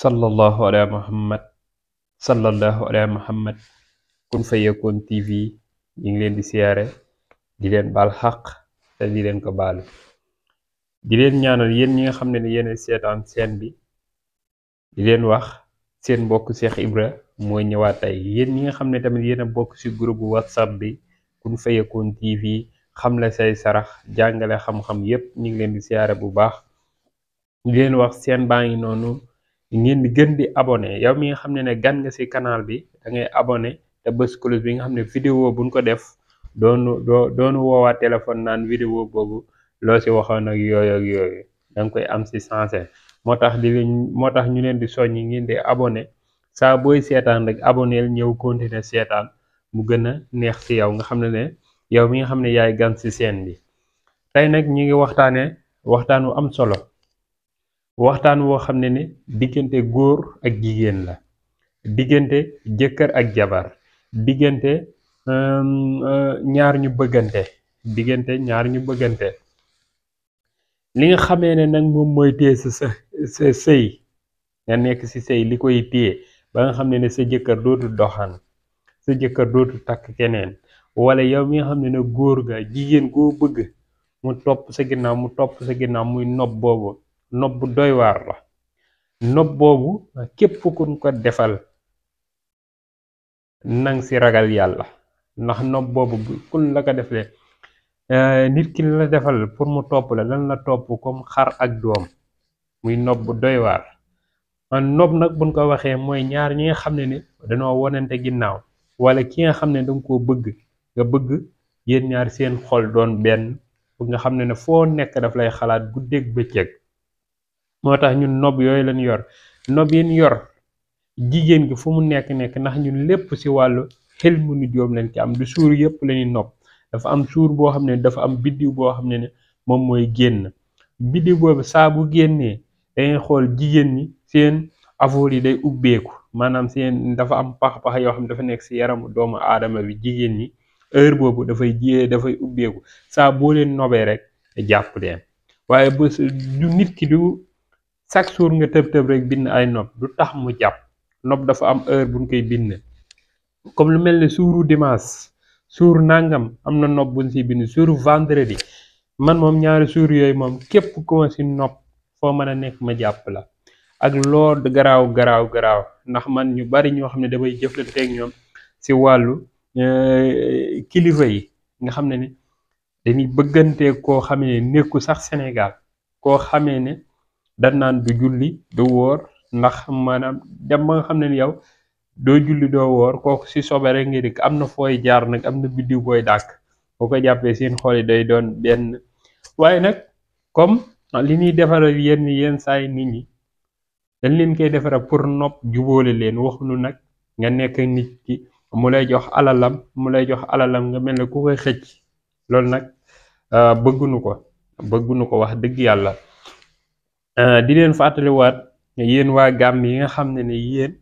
sallallahu ala muhammad sallallahu ala muhammad kun fayakoon tv ñu ngi leen di siyaare di leen baal xaq te di leen ko baalu di leen ñaanal yéen ñi nga xam ne ni yéen seetaan seen bi di leen wax seen mbokk Cheikh Ibra mooy ñëwaat tey yéen ñi nga xam ne tamit yéen a bokk ci groupe whatsapp bi kun fayakoon tv la say sarax jàngale xam-xam yépp ñu ngi leen di siyaare bu baax di leen wax seen baa ngi noonu ngeen di gën di aboné yow mi nga xam ne ne gan nga ci canal bi da ngay abonné te bës cloche bi nga xam ne vidéo buñ ko def doonu doo doonu woowaa téléphone naan vidéo boobu loo ci waxoon ak yooyu ak yooyu da nga koy am ci sensé moo tax di moo tax ñu leen di soññi ngeen di abonné saa booy seetaan rek aboneel ñëw continuer seetaan mu gën a neex ci yow nga xam ne ne yow mi nga xam ne yaay gan ci seen bi tey nag ñi ngi waxtaane waxtaan wu am solo waxtaan woo xam ne ne diggante góor ak jigéen la diggante jëkkër ak jabar diggante euh, euh, ñaar ñu bëggante diggante ñaar ñu bëggante li nga xamee ne nag moom mooy téye sa sa sëy nga nekk ci sëy li koy téye ba nga xam ne ne sa jëkkër dootu doxaan sa jëkkër dootu takk keneen wala yow mi nga xam ne ne góor ga jigéen koo bëgg mu topp sa ginnaaw mu topp sa ginnaaw muy nopp boobu nob bu doy la nob boobu képp kuñ ko defal nang si ragal yàlla ndax nob boobu kun la ko defle eh, nit ki la defal pour mu topp la lan la topp comme xar ak doom muy nob bu doy waar nob nag buñ ko waxee mooy ñaar ñi nga xam ne ni dañoo wonante ginnaaw wala ki nga xam ne danga koo bëgg nga bëgg yéen ñaar seen xol doon benn bu nga xam ne ne foo nekk daf lay xalaat guddeeg bëccëg moo tax ñun nob yooyu lañ yor nob yi ñu yor jigéen gi fu mu nekk nekk ndax ñun lépp si wàllu xel mu nu joom lañ ci am du suur yëpp la ñuy nob dafa am suur boo xam ne dafa am biddiw boo xam ne ne moom mooy génn biddiw boobu génnee xool jigéen ñi seen avoor yi day maanaam seen dafa am pax-pax yoo xam ne dafa nekk si yaramu doomu aadama bi jigéen ñi heure boobu dafay ji dafay ubbeeku saa boo leen nobee rek jàpp leen waaye du nit ki du chaque jour nga tëb tëb rek bind ay nopp du tax mu jàpp nopp dafa am heure buñ koy bind comme lu mel ne suuru dimanche suur nangam am na nopp buñ siy bind suuru vendredi man moom ñaari suur yooyu moom képp ku ma si nopp foo mën a nekk ma jàpp la ak loo garaaw garaaw garaaw ndax man ñu bari ñoo xam ne damay jëflanteeg ñoom si wàllu euh, kilifa yi nga xam ne ne dañuy bëggante koo xamee ne nekku sax Sénégal koo xamee ne. da naan du julli du wóor ndax maanaam dem ba nga xam ne ni yow doo julli doo wóor kooku si sobe rek nga dikk am na fooy jaar nag am na biddiw booy dàkk boo ko jàppee seen xool yi day doon benn waaye nag comme li ñuy defaral yenn yenn saay nit ñi dañ leen koy defaral pour nopp juboole leen waxulu nag nga nekk nit ki mu lay jox alalam mu lay jox alalam nga mel ne ku koy xëcc loolu nag ah, bëgguñu ko bëgguñu ko wax dëgg yàlla Euh, di leen fàttaliwaat yéen waa gàmm yi nga xam ne ne yéen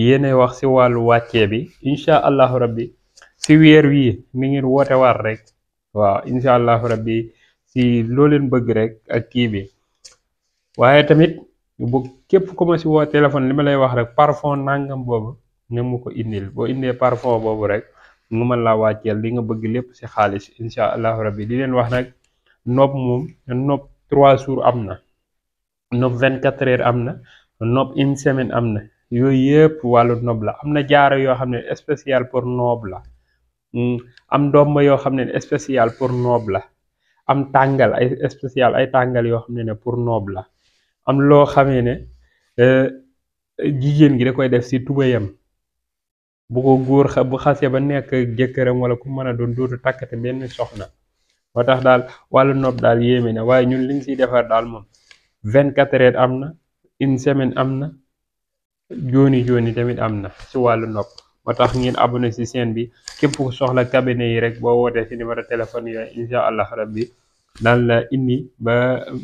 yéenay wax si wàllu wàccee bi incha allahu rabbi si weer wii mu ngi woote waat rek waaw incha allahu rabbi si loo leen bëgg rek ak kii bi waaye tamit bu képp ku ma si woo téléphone li ma lay wax rek parfum nangam boobu ne mu ko indil boo indee parfum boobu rek nga man laa wàcceel li nga bëgg lépp si xaalis incha allahu rabbi di leen wax nag nopp moom nopp trois jours am na. nopp vingt quatre heures am na nopp une semaine am na yooyu yëpp wàllu nopp la am na jaaro yoo xam ne spécial pour noob la mm, am ndomba yoo xam ne spécial pour noob la am tàngal ay spécial ay tàngal yoo xam ne ne pour noob la am loo xamee ne euh, jigéen gi da koy def si tubayam bu ko góor xa bu xase ba nekk jëkkëram wala ku mën a doon dootu takkate benn soxna moo tax daal wàllu nopp daal yéeme na waaye ñun liñ siy defar daal moom vingt quatre heures am na une semaine am na jooni jooni tamit am na si wàllu nopp moo tax ngeen abonné si seen bi képp ku soxla cabinet yi rek boo wootee si numéro téléphone yooyu incha allah rabbi daan la indi ba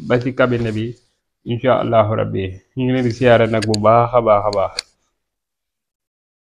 ba ci cabinet bi incha allahu rabbi ñu ngi leen di siyaare nag bu baax a baax a baax